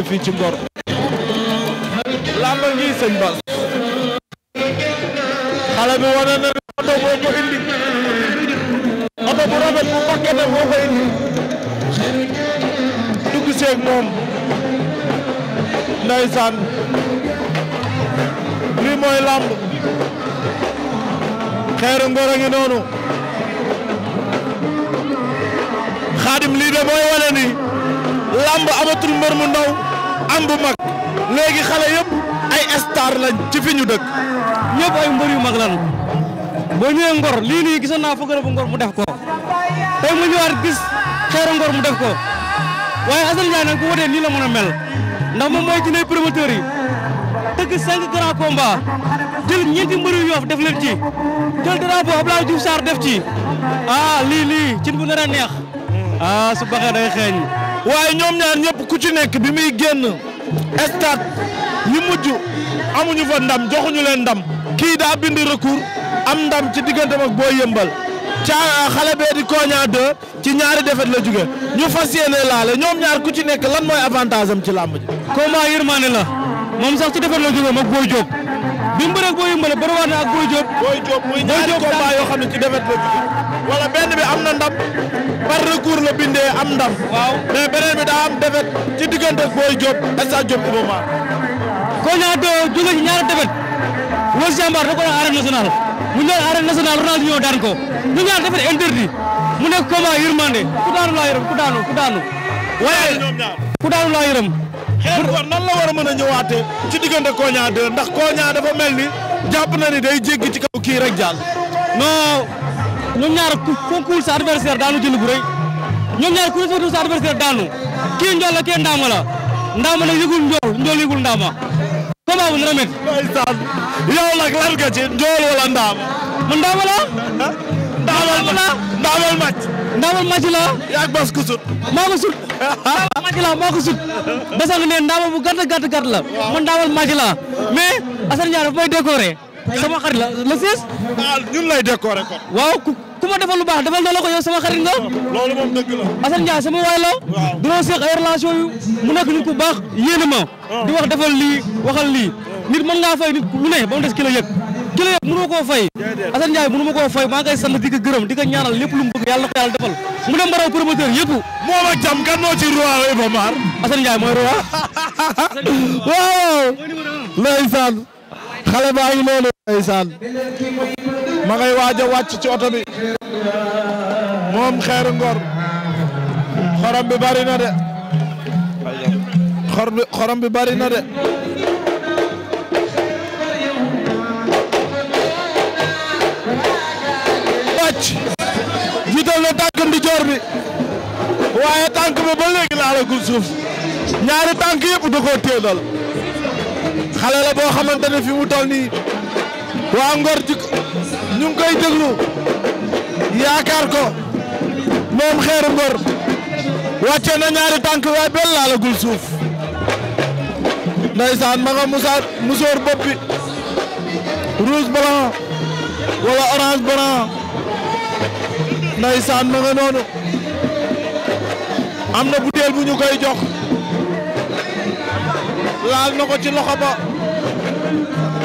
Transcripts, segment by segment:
ñëw ci Ngor. làmb ngi sëñ Bas. xale bi wane na ne oto boo ko bu rafet bu makkete boo ko indi. dugg seeg moom. ndeysaan. lii mooy làmb. xeeru Ngor a ngi noonu. xaadim lii mooy wane làmb amatul mbër mu ndaw. am bu mag léegi xale yëpp ay star lañ ci fi ñu dëkk. ñëpp ay mbër yu mag lan boo ñëwee Ngor lii nii gisoon naa foog bu Ngor mu def ko te tey mu ñëwaat gis xeeru Ngor mu def ko waaye Assane Ndiaye nag nii la mën a mel ndax moom mooy jinay promoteur yi tëgg cinq grands combats jël ñeenti mbër yu Yoff def leen ci jël drapeau Abdoulaye Diouf Sarr def ci ah lii lii cin bu neex ah su baxee day xeeñ. waaye ñoom ñaar ñëpp ku ci nekk bi muy génn stade yi mujj amuñu fa ndam joxuñu leen ndam kii daa bind recours am ndam ci digganteem ak boo yëmbal ca euh, xale bee di Konia 2 ci ñaari defet la jóge ñu fas yéene laale ñoom ñaar ku ci nekk lan mooy avantage am ci làmb ji. combat yërmande la moom sax ci defet la jóge moom Boy Diop bi mu bëreeg boo yëmbal bëriwaat na ak Boy Diop. muy ñaari combat yoo xam ne ci defet la jóge. wala benn bi am na ndam par recours la bindee am ndam. waaw mais beneen bi daa am defet ci diggante Boy Diop stade Diop Iba Mar. Konia Do jóge ci ñaari defet Weur Jambaar da ko doon arène nationale mu ñëw arène nationale Ronaldinho daan ko ñu ñaar defet interdit mu nekk combat yërmande ku daanu laa yërëm ku daanu ku daanu. waaye ku daanu laa yërëm. nan la war a mën a ñëwaatee ci diggante Konia 2 ndax Konia dafa mel ni jàpp na ni day jéggi ci kaw kii rek jàll. ñoom ñaar ku fonkul sa adversaire daanu jël bu rëy ñoom ñaar ku respecté sa adversaire daanu kii njool la kii ndaama la ndaama nag yëgul njool njool yëgul ndaama. combat bu a métti. ndaama. man ndaama la. ndaamal la ndaamal la. yaa ngi bas ku sut. maa ko sut. ndaamal màcc la maa ko la. man la mais Assane Ndiaye daf may décorer. sama xarit la le seize. baal ñun lay décorer kon. waaw ku ma defal lu baax defal na la ko yow sama xarit nga. loolu moom dëgg la. Assane Ndiaye sama waay la. waaw dinoo seq ay relation yu mu nekk nit ku baax yéene ma. Ah. di wax defal lii ah. nit mën fay nit lu ne ba mu des ki la yëg. ki la yëg mënu ma koo fay. Assane Ndiaye mënu ma koo fay maa ngay sant di ko gërëm di ko ñaanal lépp lu mu bëgg yàlla ko yàlla defal. mu dem baraw promoteur yëpp. moom ak jàmm kan noo ci roi a Mar. Assane Ndiaye mooy roi. waaw. ndeysaan xale baa ngi ndeysaan ma ngay waaj a wàcc ci oto bi moom xeeru ngor xorom bi bari na de xor bi xorom na de tànk ndi joor waaye tànk bi ba léegi laalagul suuf ñaari tànk yëpp da koo téedal xale la boo xamante ne fi mu toll nii waa Ngor jik ñu ngi koy déglu yaakaar ko Ngor wàcce na ñaari tànk waaye benn laalagul suuf ndeysaan ma nga musaar musóor bopp bi rouge blanc wala orange blanc ma nga noonu am na butéel bu ñu koy jox laal na ko ci loxo ba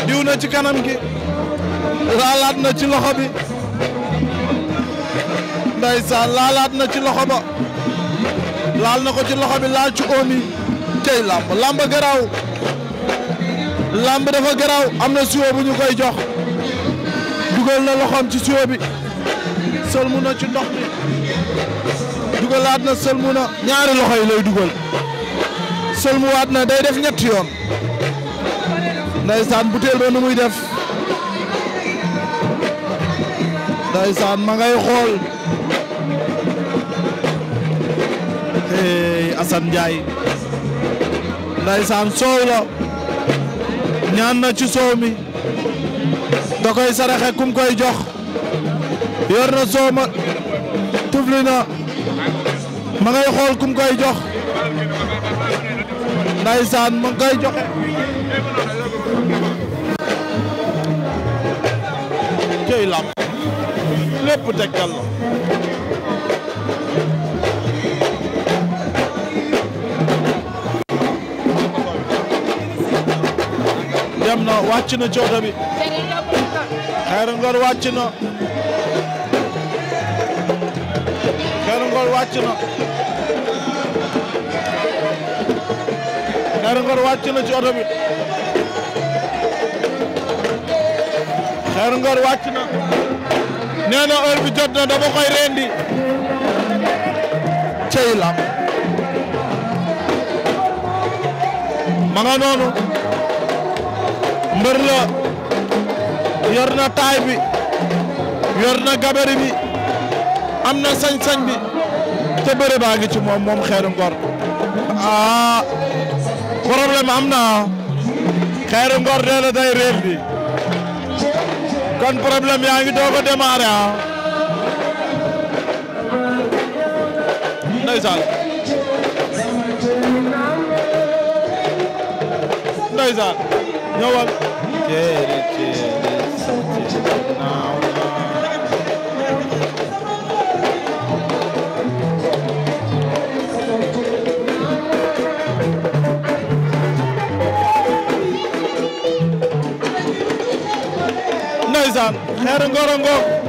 diw na ci kanam gi laalaat na ci loxo bi ndeysaan laalaat na ci loxo ba laal na ko ci loxo bi laal ci omi tey làmb làmb garaaw làmb dafa garaaw am na siwo bu ñu koy jox dugal na loxoom ci siwo bi sëlmu na ci ndox mi dugalaat na sëlmu na ñaari loxo yi lay dugal sëlmuwaat na day def ñetti yoon ndeysaan butéel ba nu muy def ndeysaan ma ngay xool hey Assane Ndiaye ndeysaan soow la ñaan na ci soow mi da koy saraxe kum koy jox yor na soow ma tufli na ma ngay xool kum koy jox ndeysaan ma ngay joxe lépp tegtal la dem na wàcc na ci bi Xeeru Ngor na nee na heure bi jot na dama koy rendi cey lam ma nga noonu mbër la yor na taay bi yor na gabari bi am na sañ-sañ bi te bëre baa ngi ci moom moom Xeeru Ngor ah am na Xeeru Ngor dee na day rendi kon problème yaa ngi doog a démarré ah. ndeysaan ndeysaan Xeeru Ngor a ngoog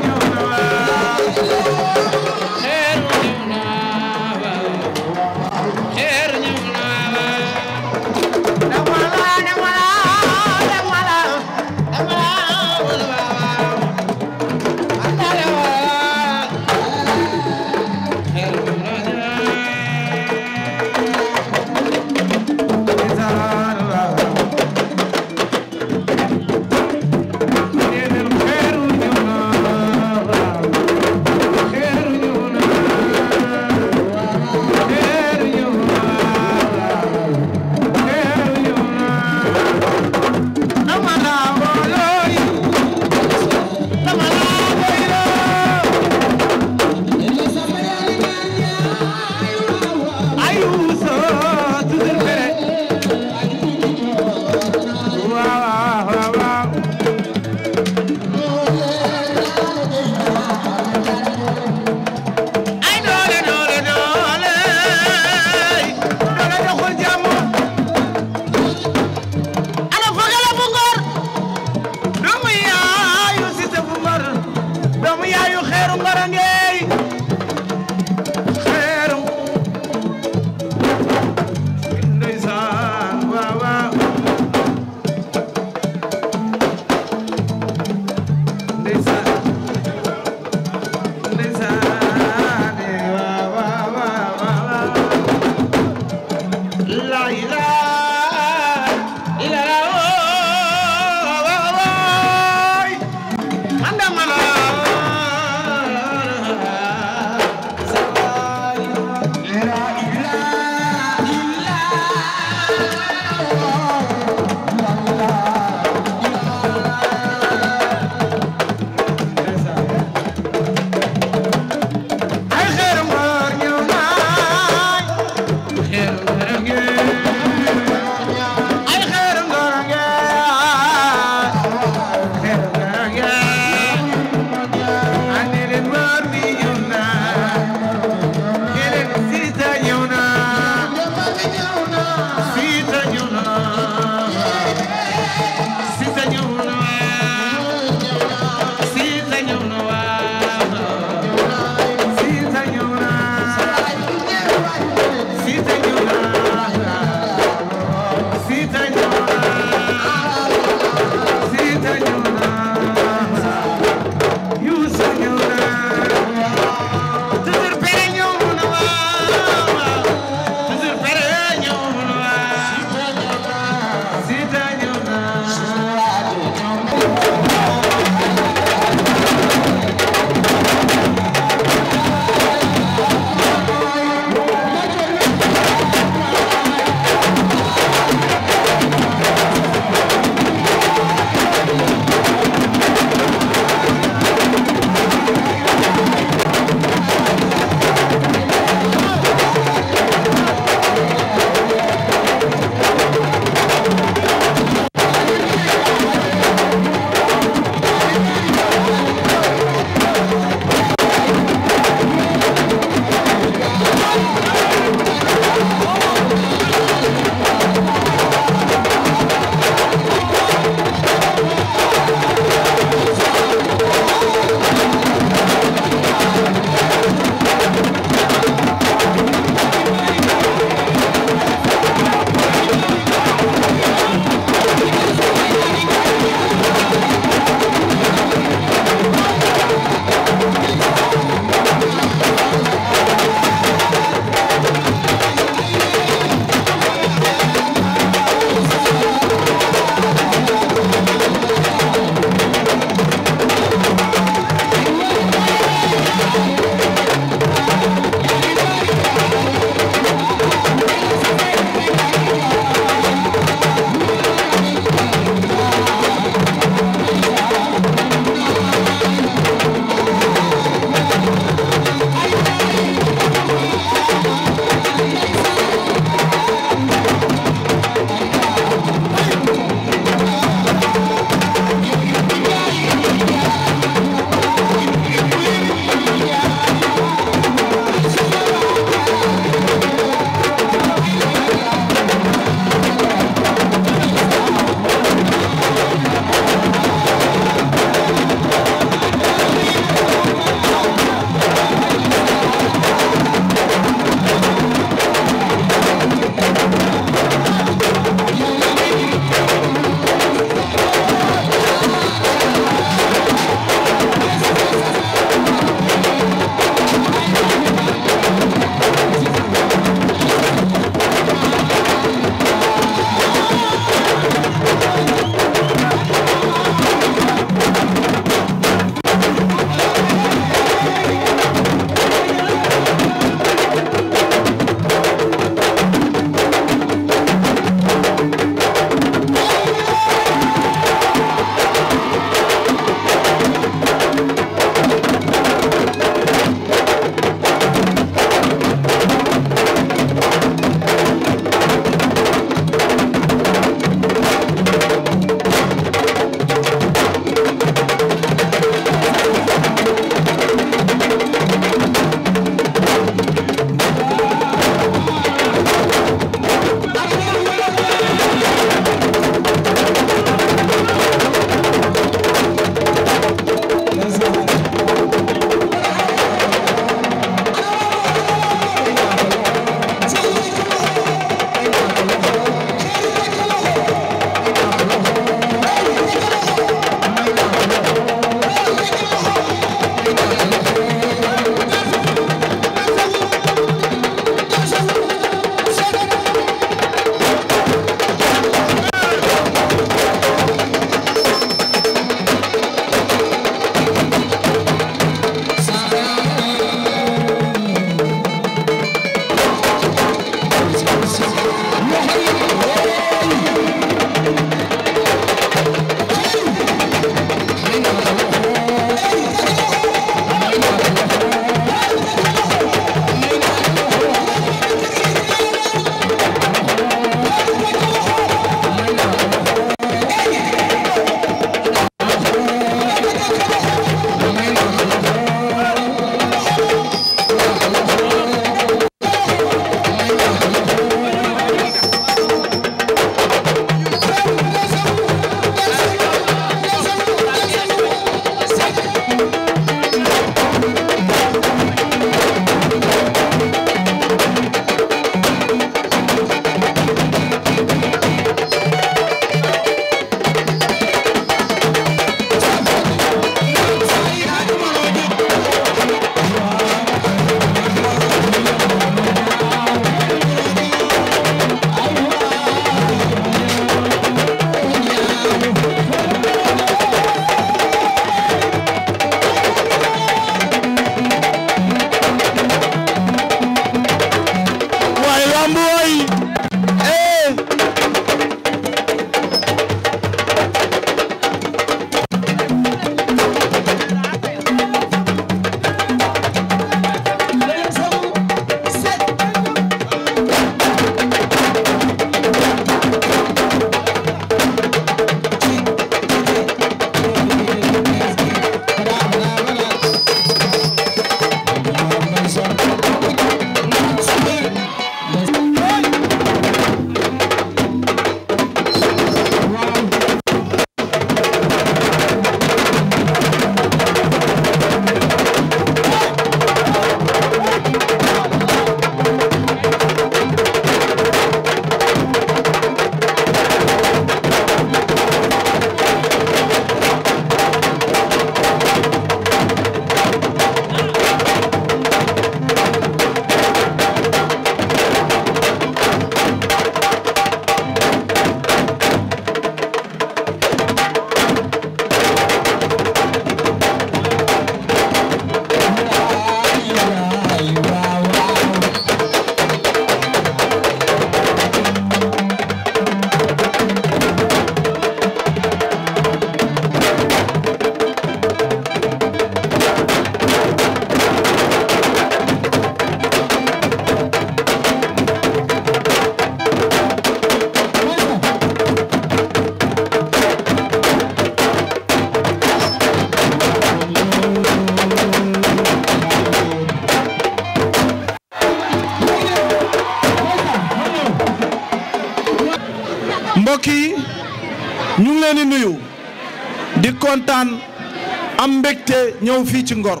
mbégte ñëw fii ci Ngor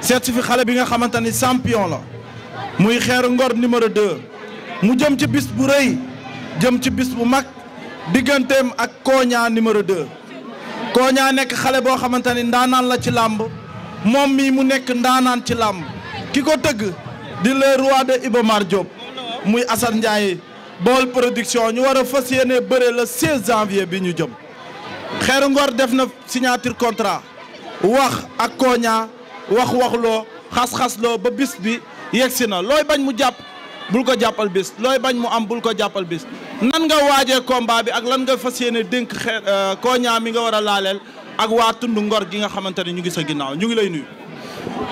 seet si fi xale bi nga xamante ni champion la muy xeeru Ngor numéro 2 mu jëm ci bis bu rëy jëm ci bis bu mag digganteem ak Koña numéro 2. Koña nekk xale boo xamante ni ndaanaan la ci làmb moom mii mu nekk ndaanaan ci làmb ki ko tëgg di le roi de Iba Mar muy Assane Ndiaye Baol production ñu war a fas yéene bëre le 16 janvier bi ñu jëm. Xeeru Ngor def na signature contrat wax ak kooña wax waxloo xas-xasloo ba bis bi yegsi na looy bañ mu jàpp bul ko jàppal bis looy bañ mu am bul ko jàppal bis nan nga waajee combat bi ak lan nga fas yéene dénk xe euh, kooña mi nga war a laaleel ak waa tund ngor gi nga xamante ne ñu ngi sa ginnaaw ñu ngi lay nuyu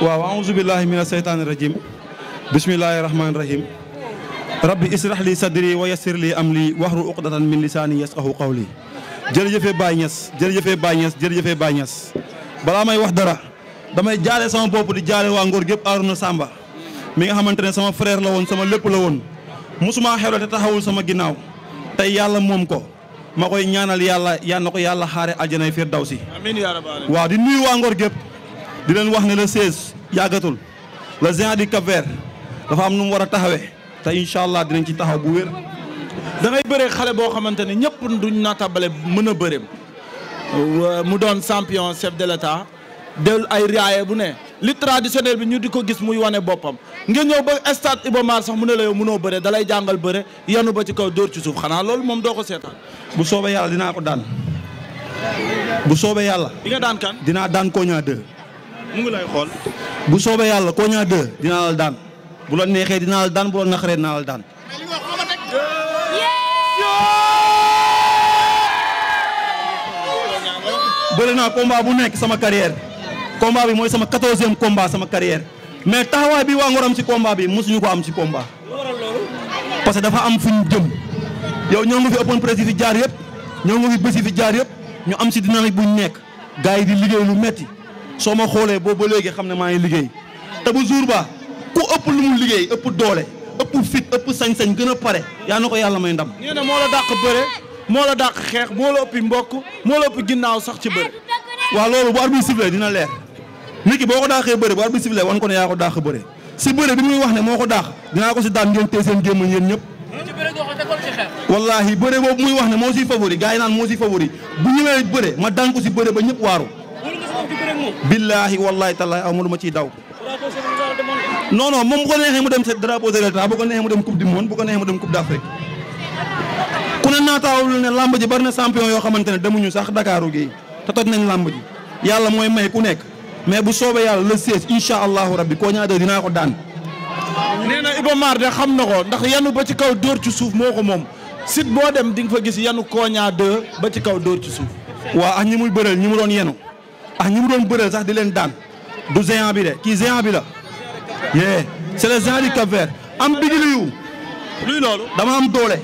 waaw a aouzu billahi mina seytaani rajim bismillahi rahmaani rahim rabbi israh li sadri lii am li wax waxru uqdatan min lisaani yafqahu qawli jërëjëfee Baye Niass jërëjëfee Baye Niass jël Baye Niass balaa may wax dara damay jaale sama bopp di jaale waa Ngor gépp Arouna sàmba mi nga xamante ne sama frère la woon sama lépp la woon mosuma xewle te taxawul sama ginnaaw tey yàlla moom ko ma koy ñaanal yàlla yal ko yàlla xaare aljanay firdawsi amiin yaa rabbal waaw di nuyu waa Ngor gépp di leen wax ne le 16 yàggatul la géant di cap dafa am nu mu war a taxawee te incha allah dinañ ci taxaw bu wér. da ngay bëree xale boo xamante ne ñëpp duñ naa tabale mën a bëreem. Euh, mu doon champion chef de l'état del ay riaaye bu ne li traditionnel bi ñu di ko gis muy wane boppam nga ñëw ba stade Iba sax mu ne la yow mënoo bëre dalay jàngal bëre yanu ba ci kaw dóor ci suuf xanaa loolu moom doo ko seetaan. bu soobee yàlla dinaa ko daan bu soobee yàlla. di nga daan kan dinaa daan Koña 2. mu ngi lay xool. bu soobee yàlla Koña 2 dinaa la daan bu la neexee dinaa la daan bu la naqaree dinaa la daan. bëri naa combat bu nekk sama carrière combat bi mooy sama quatorzième combat sama carrière mais taxawaay bi waa Ngor am ci combat bi mosuñu ko am ci combat. parce que dafa am fuñ jëm yow ñoo ngi fi ëppoon président fi jaar yëpp ñoo ngi fi bési fi jaar yëpp ñu am si dynamique buñ nekk gars yi di liggéey lu metti soo ma xoolee boobu ba léegi xam ne maa ngi liggéey te bu jour ba ku ëpp lu mu liggéey ëpp doole ëpp fit ëpp sañ-sañ gën a pare yaa na ko yàlla may ndam. nee na la dàq bëre. moo la dàq xeex moo la ëppi mbokk moo la ëppi ginnaaw sax ci bëri. waaw loolu bu arbitre sifflé dina leer nit ki boo ko dàqee bëri bu arbitre sifflé wan ko ne yaa ko dàq bëri si bëri bi muy wax ne moo ko dàq dinaa ko si daan ngeen seen gémmañ yéen ñëpp. wallahi bëre boobu muy wax ne moo siy favori gars yi naan moo siy favori bu ñëwee bëre ma daan ko si bëre ba ñëpp waaru. billaahi wallaahi tallaahi aw ma lu ma ciy daw. non non moom bu ko neexee mu dem sa drapeau de l'État président taawul ne lamb ji bari na champion yoo xamante ne demuñu sax Dakaaru gi te toj nañ lamb ji yàlla mooy may ku nekk mais bu soobee yàlla le 16 incha allahu rabbi koo ñaata dinaa ko daan. nee na Iba Mar de xam na ko ndax yanu ba ci kaw dóor ci suuf moo ko moom sit boo dem di nga fa gis yanu Konia 2 ba ci kaw dóor ci suuf. waaw ak ñi muy bëreel ñi mu doon yenu ak ñi mu doon bëreel sax di leen daan du géant bi de kii géant bi la. yee c'est le géant du Cap-Vert am bigiliyu luy loolu dama am doole.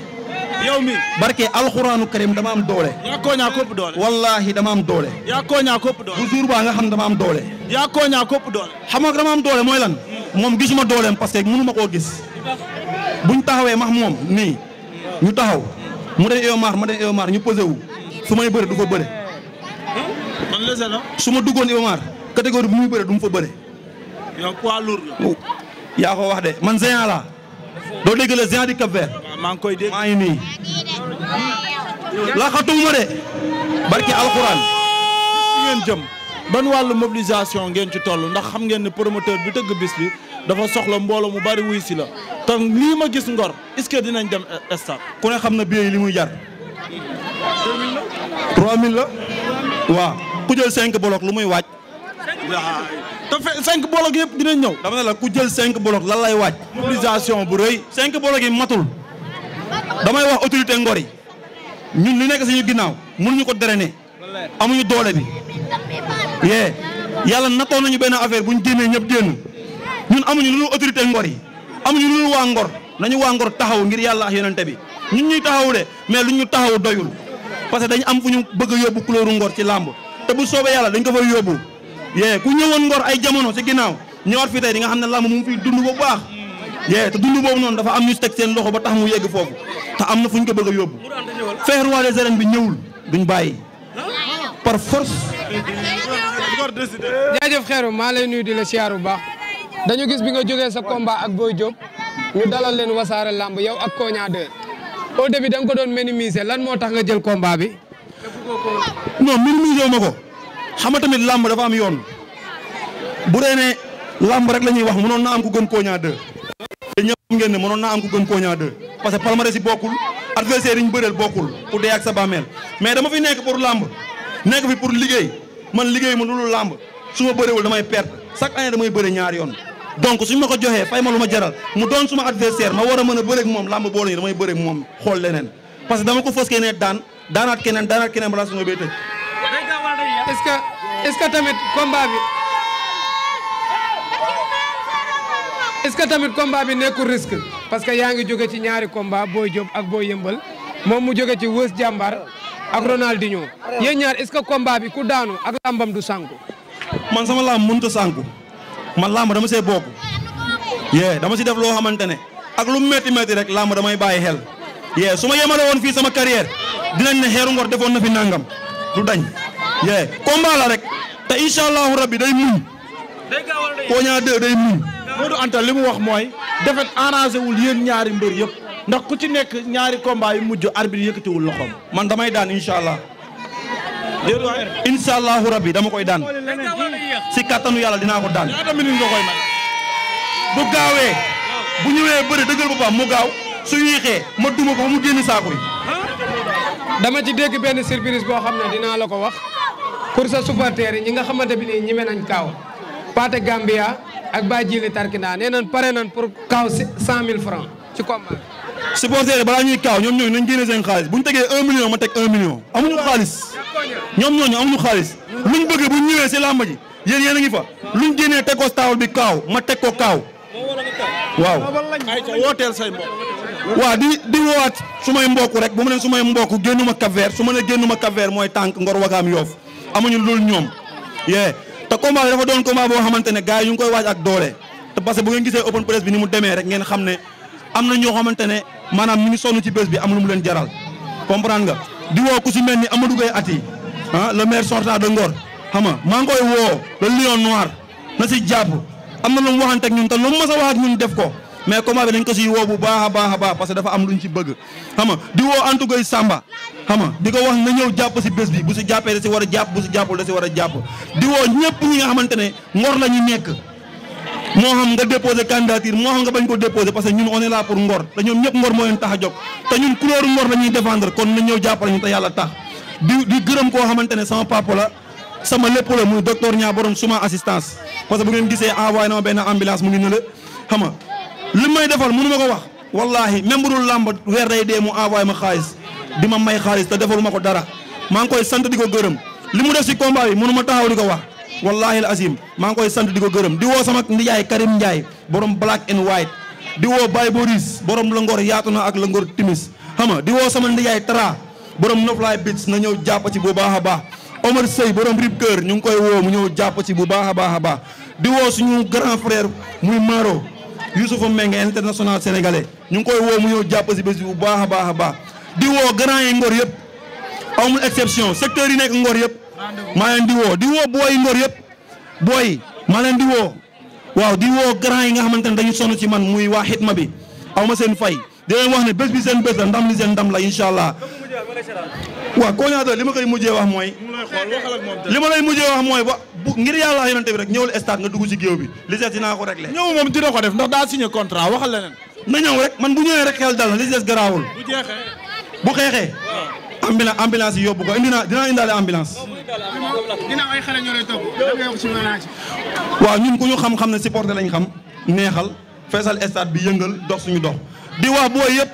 yow mi barke alxuraanu karim dama am doole. yaa kooñaa kopp doole. wallaahi dama am doole. yaa kooñaa kopp doole. bu jour ba nga xam dama am doole. yaa kooñaa kopp doole. xam nga dama am doole mooy lan. moom gisuma dooleem parce que mënu ma koo gis. bu ñu taxawee max moom nii. ñu taxaw mu dem Eomar ma dem Eomar ñu posé wu su may bëre du fa bëre. man su ma duggoon Eomar catégorie bu muy bëre du mu fa bëre. yow poids lourd la. yaa ko wax de man géant laa doo dégg la di Cap maa ngi koy dégg maa ngi nii. laxatuma de. barki alxuraan. ngeen jëm ban wàll mobilisation ngeen ci toll ndax xam ngeen ne promoteur bi tëgg bis bi dafa soxla mbooloo mu bari wuy si la te lii ma gis ngor est-ce que dinañ dem eh, stade. ku ne xam na billet yi li muy jar. 3000 la. waaw ku jël 5 bolok lu muy waaj. te fe 5 bolok yëpp dinañ ñëw. dama ne la ku jël 5 bolok lan lay waaj. mobilisation bu rëy. 5 bolok yi matul. damay wax autorité ngor yi ñun li nekk suñu ginnaaw ñu ko drainer amuñu doole bi yee yàlla toon nañu benn affaire bu ñu génnee ñëpp génn ñun amuñu lu ñu autorité ngor yi am amuñu lu ñu waa ngor nañu waa ngor taxaw ngir yàlla ak yonente bi ñun ñuy taxaw de mais lu ñu taxaw doyul parce que dañu am fu ñu bëgg a yóbbu couleur ngor ci làmb te bu soobee yàlla dañ ko fay yóbbu yee ku ñëwoon ngor ay jamono ci ginnaaw ñëwaat fii tey di nga xam ne làmb mu ngi yee te dund boobu noonu dafa am ñu teg seen loxo ba tax mu yegg foofu te am na fu ñu ko bëgg a yóbbu fexe roi des arènes bi ñëwul duñ bàyyi par force. jaajëf xeeru maa lay nuyu di la siyaar bu baax dañu gis bi nga jógee sa combat ak Boy Diop ñu dalal leen wasaare làmb yow ak Kogna 2 au début da ko doon minimiser lan moo tax nga jël combat bi. non minimiser wu ma ko xam tamit làmb dafa am yoon bu dee ne rek lañuy ñuy wax mënoon na am ku gën Kogna ngeen ne mënoon naa am ku gëm Kogna 2 parce que palmarès bokkul adversaire bëreel bokkul ku ak sa bàmmeel mais dama fi nekk pour làmb nekk fi pour liggéey man liggéey ma loolu làmb su bëreewul damay perte chaque année damay bëre ñaar yoon donc suñu ma ko joxee fay ma lu ma jaral mu doon suma adversaire ma war a mën a bëreeg moom làmb boole ñu damay bëreeg moom xool leneen parce dama ko fës keneen daan daanaat keneen daanaat keneen balaa su ma est-ce que tamit combat bi nekkul risque parce que yaa ngi jóge ci ñaari combat Boy Diop ak Boy Yëmbal moom mu jóge ci Weus Jàmbaar ak Ronaldinho yéen ñaar est-ce que combat bi ku daanu ak làmbam du sànku. man sama làmb mënut a man làmb dama see bokk yee dama si def loo xamante ne ak lu métti métti rek làmb damay bàyyi xel yee su ma yemale woon fii sama carrière dinañ ne Xeeru defoon na fi nangam du dañ yee combat rek te incha allahu rabbi day muñ Boña 2 day muñ Modou Anta li mu wax mooy defet arrangé wul yéen ñaari mbër yëpp ndax ku ci nekk ñaari combat yu mujj arbitre yëkkatiwul loxoom man damay daan incha allah incha allahu rabbi dama koy daan si kattanu yàlla dinaa ko daan bu gaawee bu ñëwee bëri dëggal boppam mu gaaw su yéexee ma duma ko ba mu génn saako dama ci dégg benn surprise boo xam ne dinaa la ko wax pour sa supporter ñi nga xamante bi nii ñime nañ kaaw Paate Gambia ak Baye Jili Tarkina nee nañ pare nañ pour kaaw cent mille francs ci combat bi. supporter balaa ñuy kaaw ñoom ñooñu nañ génne seen xaalis bu ñu tegee un million ma teg un million amuñu xaalis ñoom ñooñu amuñu xaalis luñ bëggee bu ñëwee si làmb ji yéen yéen a ngi fa luñ génnee teg ko taawul bi kaaw ma teg ko kaaw waaw. wooteel say mbokk. waaw di di woowaat su may mbokk rek bu ma ne su may mbokk génnuma Cap-Vert su ma ne génnuma Cap-Vert mooy tànk Ngor Wakaam Yoof amuñu loolu ñoom te combat bi dafa doon combat boo xamante ne gars yi ñu ngi koy waaj ak doole te parce que bu ngeen gisee open press bi ni mu demee rek ngeen xam ne am na ñoo xamante ne maanaam ñu ngi sonn ci bés bi am lu mu leen jaral comprendre nga di woo ku si mel ni Amadou Gueye Ati ah le maire sortant de Ngor xam nga maa ngi koy woo le lion noir na si jàpp am na lu mu waxante ñun te lu mu mas a wax ak ñun def ko mais combat bi dañ ko siy woo bu baax a baax a baax parce que dafa am luñ ci bëgg xam di woo Antou Gueye Samba xam di ko wax na ñëw jàpp si bés bi bu si jàppee da si war a jàpp bu si jàppul da si war a jàpp di woo ñëpp ñi nga xamante ne ngor la ñu nekk moo xam nga déposé candidature moo xam nga bañ ko déposé parce que ñun on est là pour ngor te ñoom ñëpp ngor moo leen tax a jóg te ñun couleur ngor la ñuy kon na ñëw jàppale ñu te yàlla tax di di gërëm koo xamante ne sama papa la sama lépp la muy docteur ñaa borom suma assistance parce gisee envoyé na ma benn ambulance li may defal mënu ma ko wax wallahi même bu dul làmb weer day dee mu envoyé ma xaalis di ma may xaalis te defalu ma ko dara maa ngi koy sant di ko gërëm li mu def si combat bi mënu ma taxaw di ko wax wallahi al azim maa ngi koy sant di ko gërëm di woo sama ndiyaay Karim Ndiaye borom black and white di woo Baye Boris borom la ngor yaatu na ak la ngor timis xam di woo sama ndiyaay Tra borom noflaay bits na ñëw jàpp ci bu baax a baax Omar Sey borom rib kër ñu ngi koy woo mu ñëw jàpp ci bu baax a baax baax di woo suñu grand frère muy Maro Youssoupha Mbengue international sénégalais ñu ngi koy woo mu ñëw jàpp si bés bu baax baax baax di woo grand yi ngor yëpp amul exception secteur yi nekk ngor yëpp maa leen di woo di woo booy ngor yëpp booy maa leen di woo waaw di woo grand yi nga xamante ne dañu sonn ci man muy waa xitma bi aw ma seen fay di leen wax ne bés bi seen bés la ndam li seen ndam la incha allah waaw kooñaata li ma koy mujjee wax mooy li ma lay mujjee wax mooy ba bu ngir yàlla yonent bi rek ñëwul stade nga dugg ci géew bi li des dinaa ko réglé. ñëw moom dina ko def ndax daa signé contrat waxal leneen. na ñëw rek man bu ñëwee rek xel dal na li des garaawul. bu jeexee bu xeexee. ambulance ambulance yi yóbbu ko indi naa dinaa indaale ambulance. dina ñun ku ñu xam-xam ne supporter lañ xam neexal feesal stade bi yëngal dox suñu dox di waa booy yëpp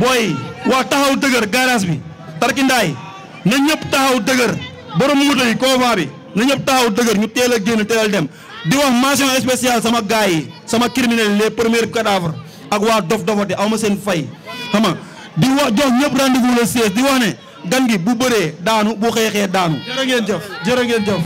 booy waa taxaw dëgër garage bi tarkindaay na ñëpp taxaw dëgër borom moto yi convoi bi na ñëpp taxaw dëgër ñu teel a génn teel a dem di wax mention spéciale sama gars yi sama criminel les première cadavres ak waa dof dofati aw ma seen fay xam nga di wax jox ñëpp rendez-vous le 16 di wax ne gan gi bu bëree daanu bu xeexee daanu jërë ngeen jëf jërë ngeen jëf